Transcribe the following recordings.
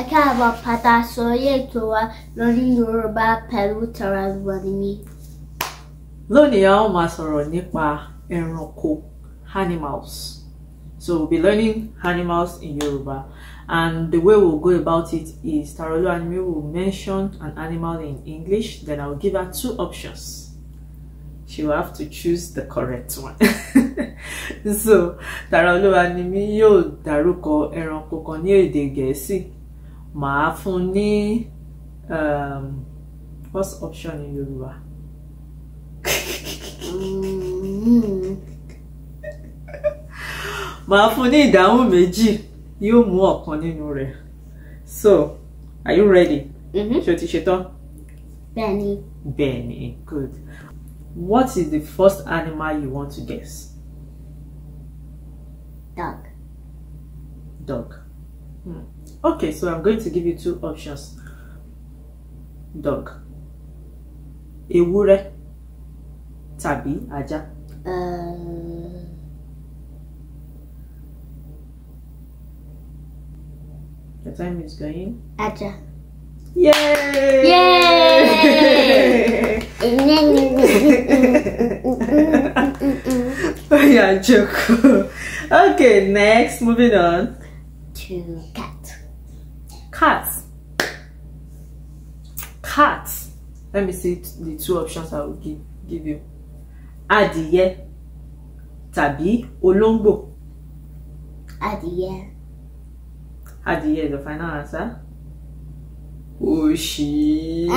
ẹ káàbọ̀ pátá sórí ètò wa lórí yorùbá pẹ̀lú Taraoluwanimi. lónìí a ó máa sọ̀rọ̀ nípa ẹranko animals so we'll be learning animals in Yoruba and the way we'll go about it is Taraoluwanimi will mention an animal in English then I will give her two options she will have to choose the correct one so Taraoluwanimi yóò dárúkọ ẹranko kan ní èdè gẹ̀ẹ́sì màá fún ní um, first option in yorùbá. Mm-hmm. màá fún ní ìdáhùn méjì yóò mú ọ̀kan nínú rẹ̀ so are you ready? Mm-hmm. ṣé o ti ṣetán? bẹ́ẹ̀ni. bẹ́ẹ̀ni good what is the first animal you want to guess? dog. dog. Hmm. Okay, so I'm going to give you two options. Dog. Ewúrẹ́ tàbí ajá. Um, the time is going. Ajá. Yay! Yay! yeah, joke. okay, next, moving on. To Cats. Cats. Let me see the two options I will give, give you. Adiye, Tabi, olóńgbò. Adiye. Adiye, the final answer. Oshi.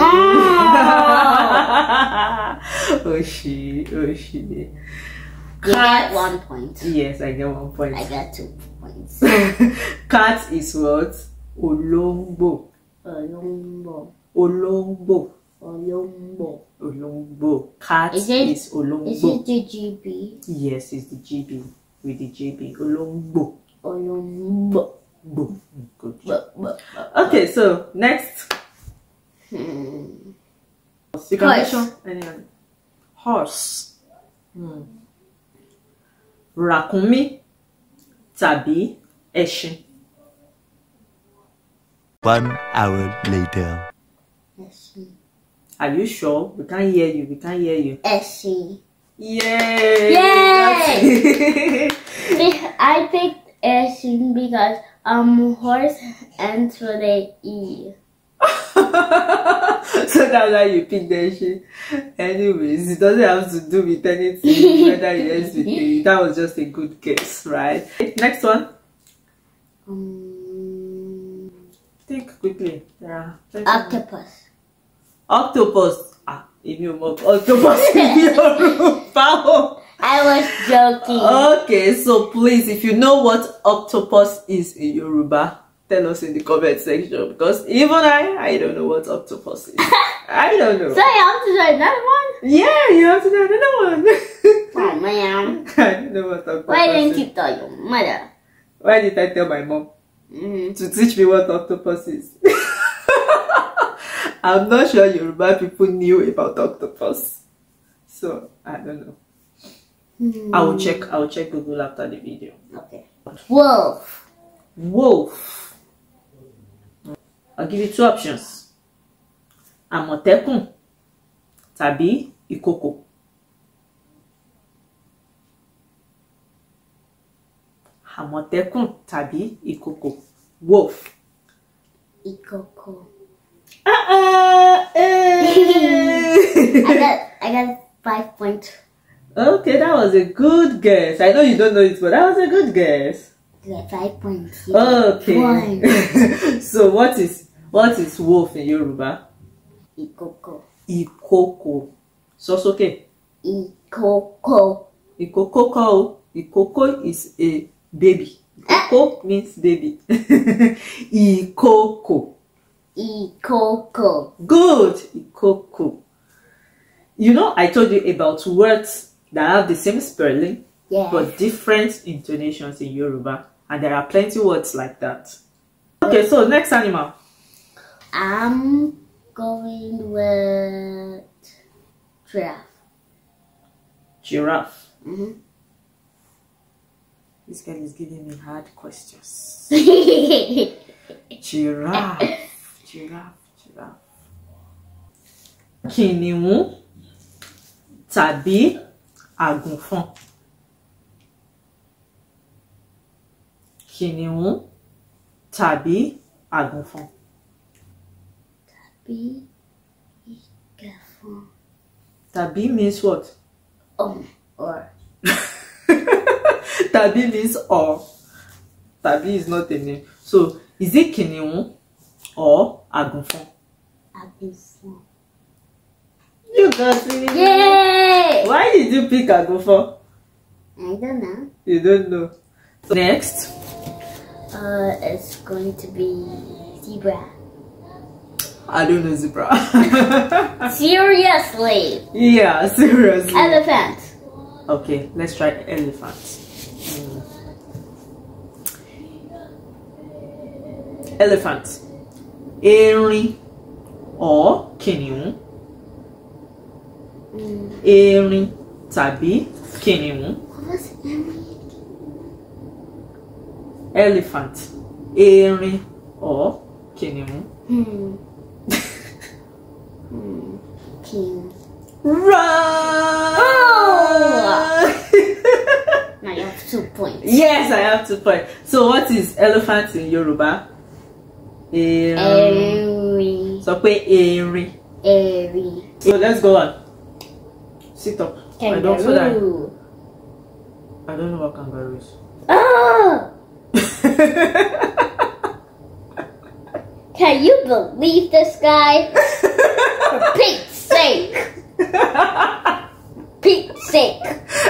Oshi, Oshi. òṣì. one point. Yes, I get one point. I get two points. Cat is what? olóńgbò olóńgbò olóńgbò olóńgbò olóńgbò cat is, it, is olóńgbò is it the GB yes it's the GB with the GB olóńgbò olóńgbò gbò good okay so next hmm. any horse hmm. ràkúnmí tàbí ẹṣin. One hour later. Are you sure? We can't hear you. We can't hear you. Essie. Yay! Yay! I picked Essie because um horse ends with a E. so that's why you picked Essie. Anyways, it doesn't have to do with anything whether with That was just a good guess, right? Next one. Um, Think quickly. Yeah. Octopus. Octopus. Ah, if you move octopus in your room, I was joking. Okay, so please, if you know what octopus is in Yoruba, tell us in the comment section because even I, I don't know what octopus is. I don't know. So you have to do another one? Yeah, you have to do another one. oh, man. I don't know what octopus Why didn't you tell your mother? Why did I tell my mom? Mm-hmm. to teach me what octopus is. I'm not sure Yoruba people knew about octopus. So, I don't know. Mm. I will check, I will check Google after the video. Okay. Wolf. Wolf. I'll give you two options. Àmọ̀tẹ́kùn Tabi, ìkòkò. àmọ̀tẹ́kùn tàbí ìkòkò wolf. ìkòkò. Ah, ah, eh. I got I got five point. Okay, that was a good guess. I know you don't know it, but that was a good guess. Yeah, five points. Okay. so what is what is wolf in Yoruba? Ìkòkò. Ìkòkò. Sọ sókè. Ìkòkò. Ìkòkò kọ́ o. Ìkòkò is a baby. Eh? Coco means baby. Ikoko. Ikoko. Good. Ikoko. You know, I told you about words that have the same spelling, yeah. but different intonations in Yoruba. And there are plenty words like that. Okay, so next animal. I'm going with giraffe. Giraffe. Mm -hmm. This girl is giving me hard questions. giraffe, giraffe, giraffe. Kìnìún tabi, agunfon. Kìnìún tabi, agunfon. Tabi, agunfon. Tabi means what? Um, or. tàbí means or tàbí is not a name so is it Kinyo or àgùnfọn. àgùnfọn. you got it. Yay! why did you pick àgùnfọn. I don't know. You don't know. So next. Uh, it's going to be zebra. I don't know zebra. seriously? Yeah, seriously. Elephant. Okay, let's try elephant. elephant erin or kìnìún erin tàbí kìnìún elephant erin or kìnìún. King. Hmm. Run! Oh! now you have two points. Yes, I have two points. So, what is elephant in Yoruba? So pe Erin. So let's go on. Sit up. Kangaroo. I don't feel like. I don't know what kangaroo is. Oh! Ah! Can you believe this guy? For Pete's sake. Pete's sake.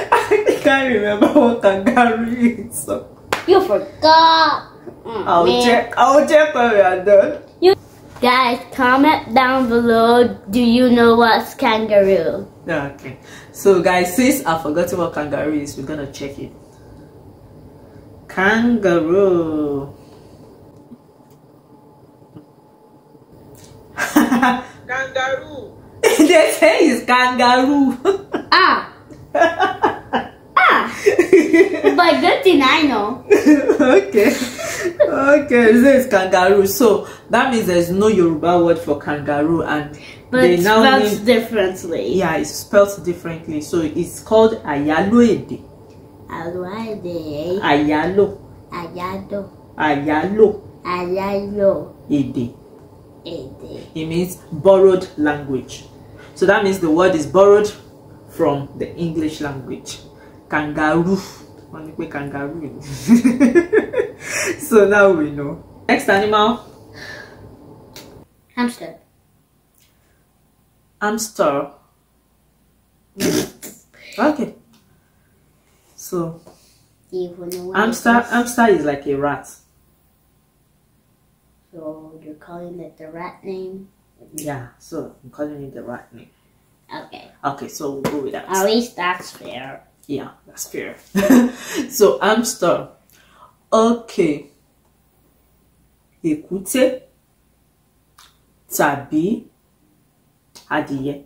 I can't remember what kangaroo is. So. You forgot. I'll check. I'll check You guys, comment down below. Do you know what's kangaroo? Okay. So guys, since I forgot what kangaroo is, we're gonna check it. Kangaroo. kangaroo. they say it's kangaroo. ah. but good thing I know. okay. Okay. This is kangaroo. So that means there's no Yoruba word for kangaroo and but they now spelled mean, differently. Yeah, it's spelled differently. So it's called Ayaloede. Ayaloede. Ayalo. Ayalo. Ayalo. Ayalo. Ede. Ede. It means borrowed language. So that means the word is borrowed from the English language. kangaroo kangaroo so now we know next animal. hamster. hamster. okay so hamster hamster is like a rat. So you're calling it the rat name? Yeah, so I'm calling it the rat name. Okay. Okay, so we'll go with that. At least that's fair. Yeah, that's fair. so, hamster. Ok. Écoutez. Tàbí. Adìyẹ.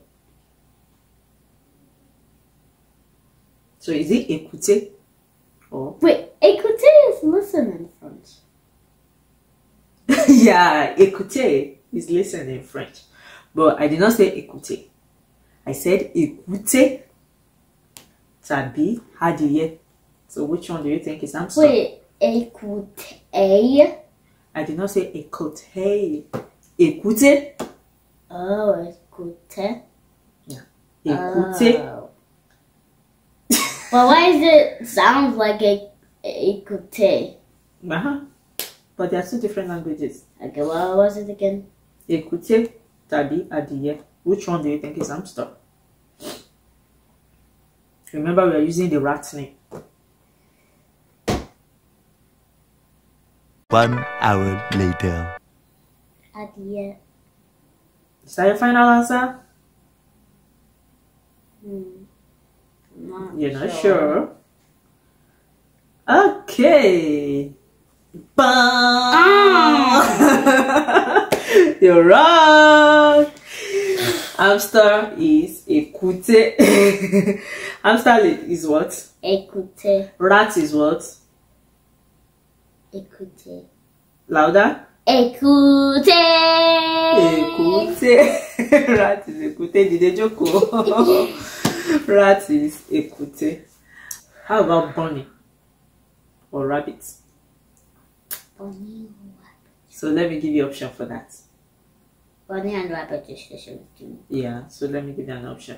So, is it écoutez? Oh, Wait, écoutez is listen in French. yeah, écoutez is listen in French. But I did not say écoutez. I said écoutez tàbí adìyẹ. So which one do you think is answer? Wait, èkúté. I did not say hey. Èkúté. Oh, èkúté. Yeah. Èkúté. Oh. well, why does it sound like a écouté? Uh-huh. But there are two different languages. Okay, well, what was it again? Écouté, tàbí adìyẹ. Which one do you think is hamster? Remember, we are using the rat name. One hour later. At the end. Is that your final answer? Hmm. Not You're not sure. sure. Okay. Bum. Ah. You're right. Hamster is ekute. Hamster is what? Ekute. Rat is what? Ekute. Louder? Ekute. Ekute. Rat is ekute. Did they joke? Rat is ekute. How about bunny or rabbit? Bunny or rabbit. So let me give you option for that. Bunny and rabbit is the same thing. Yeah, so let me give you an option.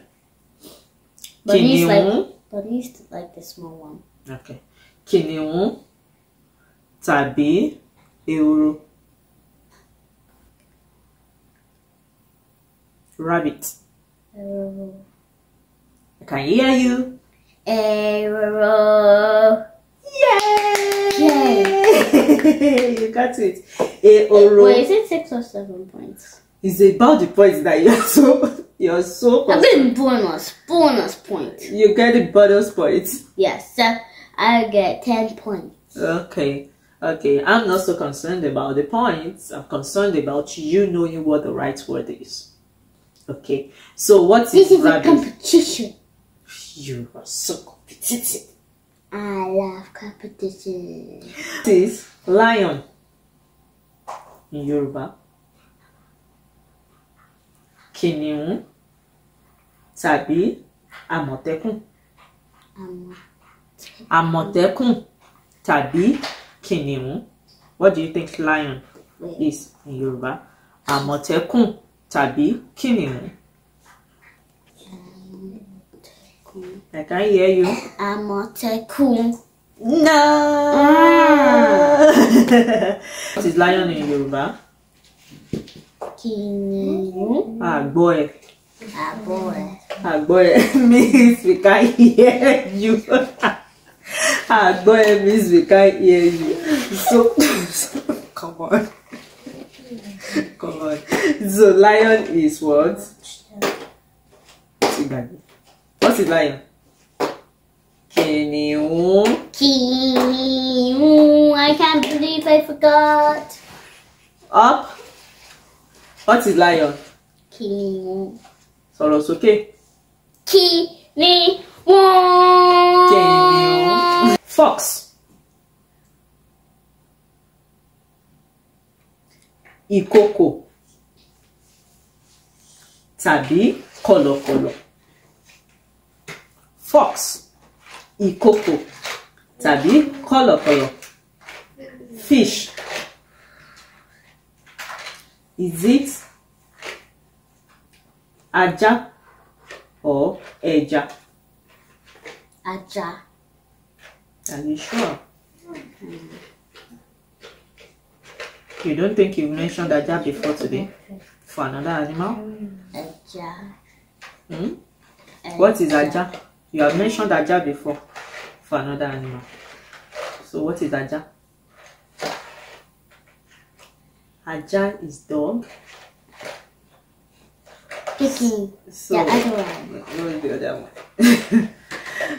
Bunny's like, bunny like the small one. Okay. Kìnìún Tabi, Euro, Rabbit. Ehoro. I can hear you. Ehoro. Yay! Yay! you got it. Ehoro. Wait, is it six or seven points? it's about the points that you're so you're so. I'm bonus bonus points. You get the bonus points. Yes, sir I get ten points. Okay, okay. I'm not so concerned about the points. I'm concerned about you knowing what the right word is. Okay. So what is this is, is rabbit? a competition. You are so competitive. I love competition. This lion in Yoruba. kìnìún tàbí àmọ̀tẹ́kùn àmọ̀tẹ́kùn tàbí kìnìún what do you think lion is in Yoruba. àmọ̀tẹ́kùn tàbí kìnìún. I can't hear you. Àmọ̀tẹ́kùn. No. Mm. What is lion in Yorùbá? kìnìún. àgbọ̀ ẹ̀. àgbọ̀ ẹ̀. àgbọ̀ ẹ̀ means we can hear you. àgbọ̀ ẹ̀ means we can hear you. so come on. come on. so lion is what? what is lion? Kìnìún. Kìnìún, I can't believe I forgot. Up. What is lion? Kìnìún. Sọ̀rọ̀ sókè. Kìnìún. Kìnìún. Fox. Ìkòkò tàbí kọ̀lọ̀kọ̀lọ̀. Fox. Ìkòkò tàbí kọ̀lọ̀kọ̀lọ̀. Fish. Is it Aja or Eja? Aja. Are you sure? Mm. You don't think you mentioned Aja before today? For another animal? Aja. Hmm? Aja. What is Aja? You have mentioned Aja before for another animal. So what is Aja? Ajahn is dog. Picking so, the other one. No, the other one.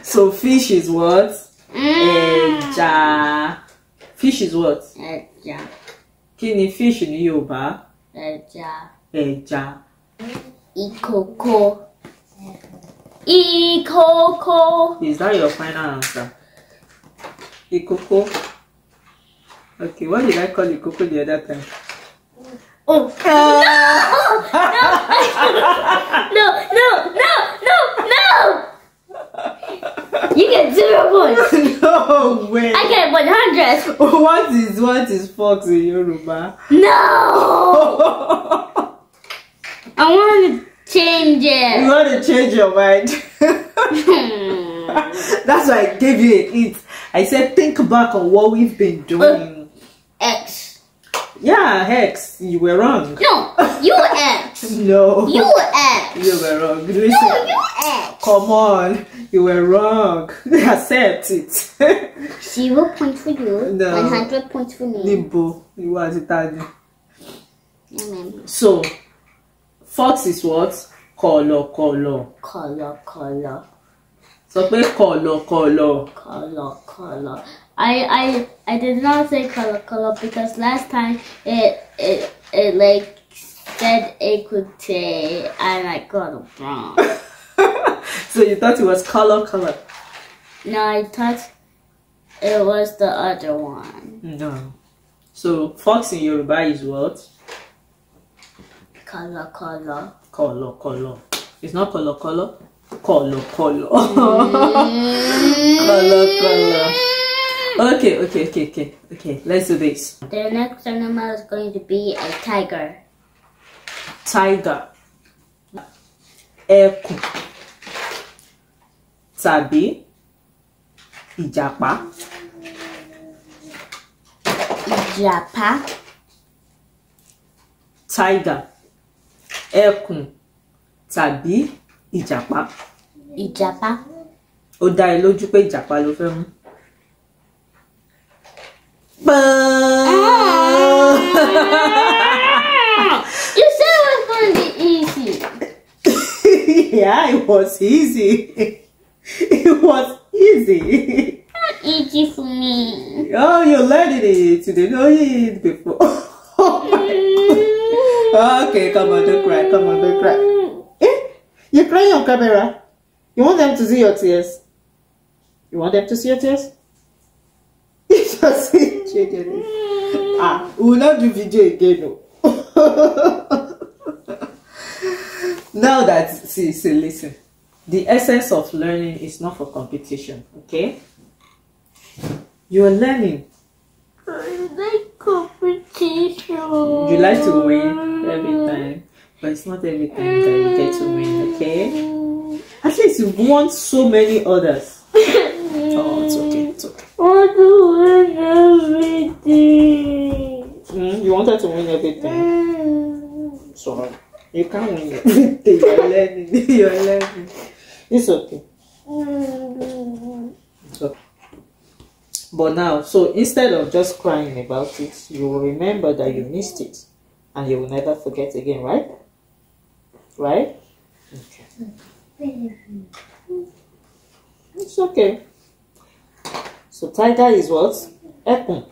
so fish is what? Mm. Ẹja. Fish is what? Ẹja. Kini fish ní Yorùbá? Ẹja. Ẹja. Ìkòkò. Ìkòkò. Is that your final answer? Ìkòkò. Okay, what did I call Ìkòkò the other time? Oh. Uh. No! no! No! No! No! No! No! You get zero points. no way. I get 100. What is what is fox in Yoruba? No! I want to change it. You want to change your mind? Hmm. That's why I gave you a hint. I said think back on what we've been doing. Uh, X. Yeah, Hex, you were wrong. No, you X. no. You X. You were wrong. Listen. No, you X. Come on, you were wrong. Accept it. Zero points for you. No. One hundred points for me. Níbo, you are the daddy. So, fox is what? Color, color. Color, color. So, pé color, color. Color, color. I I I did not say color color because last time it it it like said equity and I got it wrong. so you thought it was color color? No, I thought it was the other one. No. So fox in Yoruba is what? Color color. Color color. It's not color color. Color color. Mm. color color okay, okay, okay, okay, okay. Let's do this. The next animal is going to be a tiger. Tiger. Echo. Tàbí. Ìjàpá. Ìjàpá. Tiger. Echo. Tàbí. Ìjàpá. Ìjàpá. Ó dá ẹ ìjàpá ló fẹ́ mú. Boo! Ah. you said it was going to be easy. yeah, it was easy. It was easy. Not easy for me. Oh, you learned it. You didn't know it before. oh okay, come on, don't cry. Come on, don't cry. Eh? You're crying on camera. You want them to see your tears. You want them to see your tears? You just. see it. Ah, we will not do video again, no. now that, see, see, listen. The essence of learning is not for competition, okay? You're learning. I like competition. You like to win every time, but it's not every time that you get to win, okay? At least you've won so many others to hmm? want to win everything. Mm, you wanted to win everything. Mm. So you can't win everything. You're learning. You're learning. It's okay. Mm. It's But now, so instead of just crying about it, you will remember that you missed it and you will never forget again, right? Right? Okay. Mm. It's okay. So tiger is what? Ekun.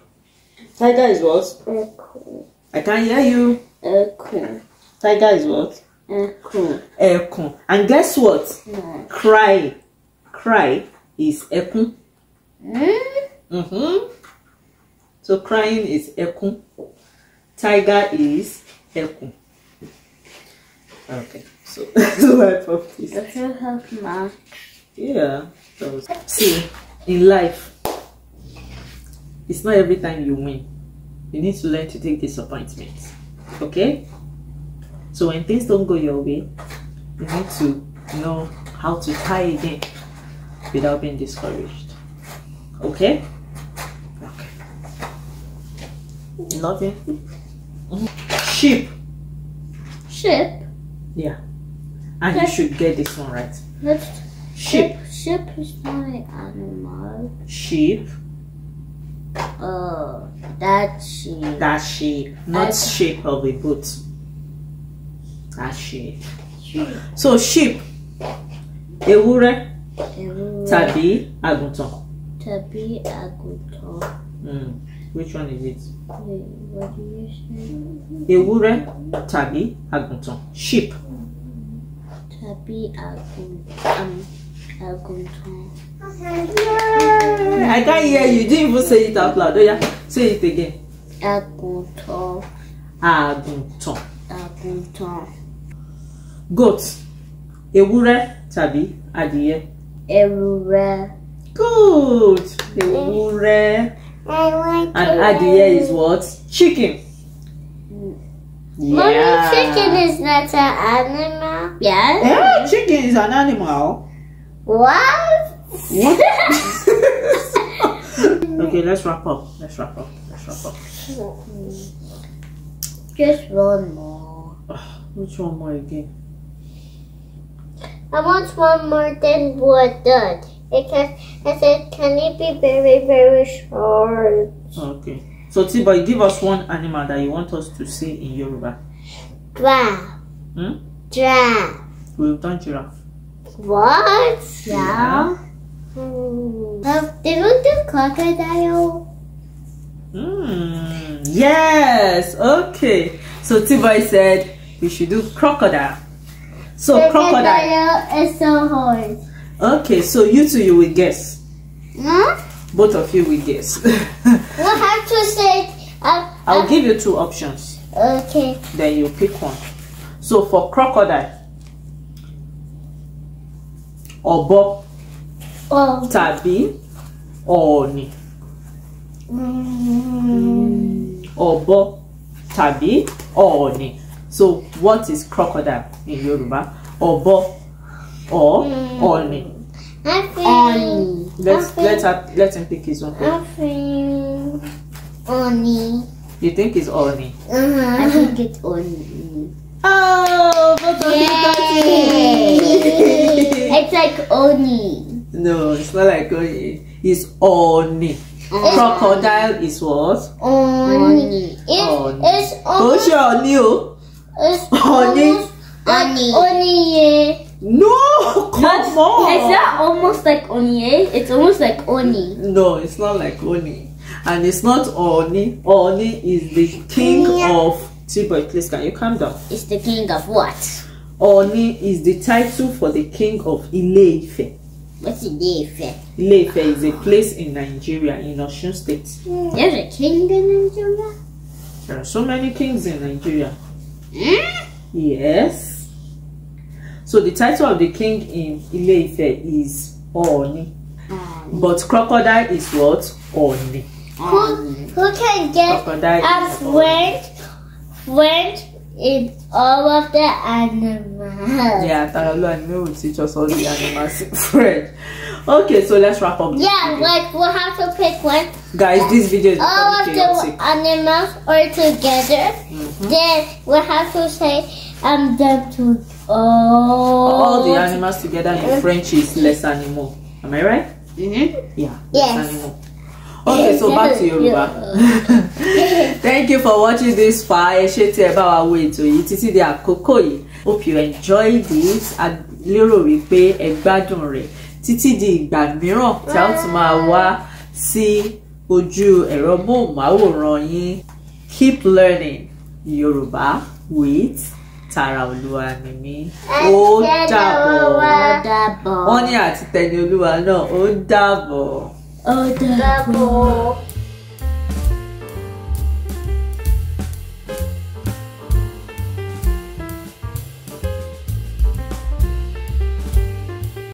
Tiger is what? Ekun. I can't hear you. Ekun. Tiger is what? Ekun. Ekun. And guess what? Hmm. Cry. Cry is ekun. Mm? Mm-hmm. So crying is ekun. Tiger is ekun. Okay. So that's what I Does it help, ma? Yeah. See, in life, it's not every time you win. You need to learn to take disappointments. Okay? So when things don't go your way, you need to know how to try again without being discouraged. Okay? Okay. Nothing. Sheep. Sheep? Yeah. And you should get this one right. Let's, sheep. Sheep is not an animal. Sheep. Oh, that shape. That shape. not I... shape of a boat. That shape. So sheep, Ewure ewúrẹ́. tàbí àgùntàn. Tàbí àgùntàn. Mm. Which one is it? what do you say? Ewure tabi àgùntàn. Sheep. Tabi àgùntàn. Um, àgùntàn. Yay! I can't hear you. You didn't even say it out loud. Do oh, ya? Say it again. Àgùntàn. Àgùntàn. Àgùntàn. Goat. Ewúrẹ́ tàbí adìyẹ. Ewúrẹ́. Good. Ewúrẹ́. I like And adìyẹ is what? Chicken. Yeah. Mommy, chicken is not an animal. Yeah. Yeah, chicken is an animal. What? What? okay, let's wrap up. Let's wrap up. Let's wrap up. Just one more. Ah, which one more again? I want one more than what did. Because I said, can it be very, very short? Okay. So, Tiba, give us one animal that you want us to see in Yoruba. Giraffe. Hmm? Giraffe. We've done giraffe. What? yeah. yeah. Well, they do crocodile. Mm, yes, okay. So T-Boy said we should do crocodile. So crocodile, crocodile is so hard. Okay, so you two you will guess. Huh? Both of you will guess. we we'll have to say. Uh, I'll uh, give you two options. Okay. Then you pick one. So for crocodile or bob tàbí oni. Hmm. ọ̀bọ tàbí oni. so what is crocodile in Yorùbá ọ̀bọ or ooni Oni. ọ̀ọ̀nì. let's let her let him pick his own thing. Oni. you think it's oni? Uh -huh. I think it's oni. Oh, both it's like Oni. No, it's not like Oni. It's Oni. It's oh. Crocodile is what? Oni. It's, oni. It's almost, Oni. It's Oni. Oni. Oni. No, come on. Is that almost like Oni. It's almost like Oni. No, it's not like Oni. And it's not Oni. Oni is the king of T-boy, please can you calm down? It's the king of what? Oni is the title for the king of Ile-Ife. What's Ile-Ife? Ile-Ife is a place in Nigeria, in Osun State. Mm. There's a king in Nigeria? There are so many kings in Nigeria. Mm? Yes. So the title of the king in Ile-Ife is Oni. Um, but crocodile is what? Oni. Who, who can get Crocodile when. It's all of the animals. Yeah, Taralo and me will teach us all the animals in French. Okay, so let's wrap up. yeah, video. like we'll have to pick one. Guys, this video is all of the animals are together. Mm -hmm. Then we'll have to say um them to all. All the animals together in French is less animal. Am I right? Mm -hmm. Yeah. Yes. okay so back to Yoruba thank you for watching this far ẹ ṣé tí ẹ bá wa wo ètò yìí títí di àkókò yìí hope you enjoy this. a lérò wípé ẹ gbádùn rẹ̀ títí di ìgbà mìíràn tí a ó tún máa wá sí ojú ẹ̀rọ móhùnmáwòrán yín keep learning Yoruba with Tàràolúwanimí ó dàbọ̀ wọ́n ní àti Tẹniolúwa náà ó dàbọ̀. ở the world.